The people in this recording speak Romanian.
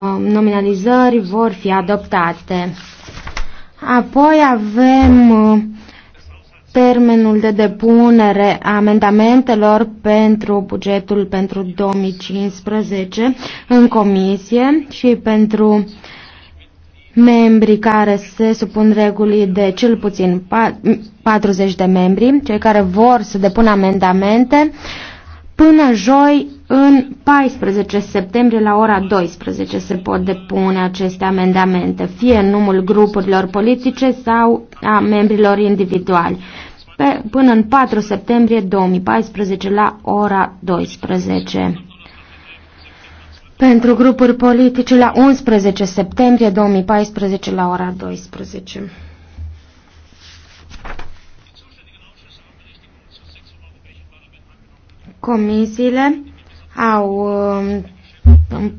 Um, nominalizări vor fi adoptate. Apoi avem uh, termenul de depunere a amendamentelor pentru bugetul pentru 2015 în comisie și pentru membrii care se supun regulii de cel puțin 40 de membri, cei care vor să depună amendamente, până joi în 14 septembrie la ora 12 se pot depune aceste amendamente, fie în numul grupurilor politice sau a membrilor individuali, pe, până în 4 septembrie 2014 la ora 12. Pentru grupuri politice la 11 septembrie 2014 la ora 12. Comisiile au um,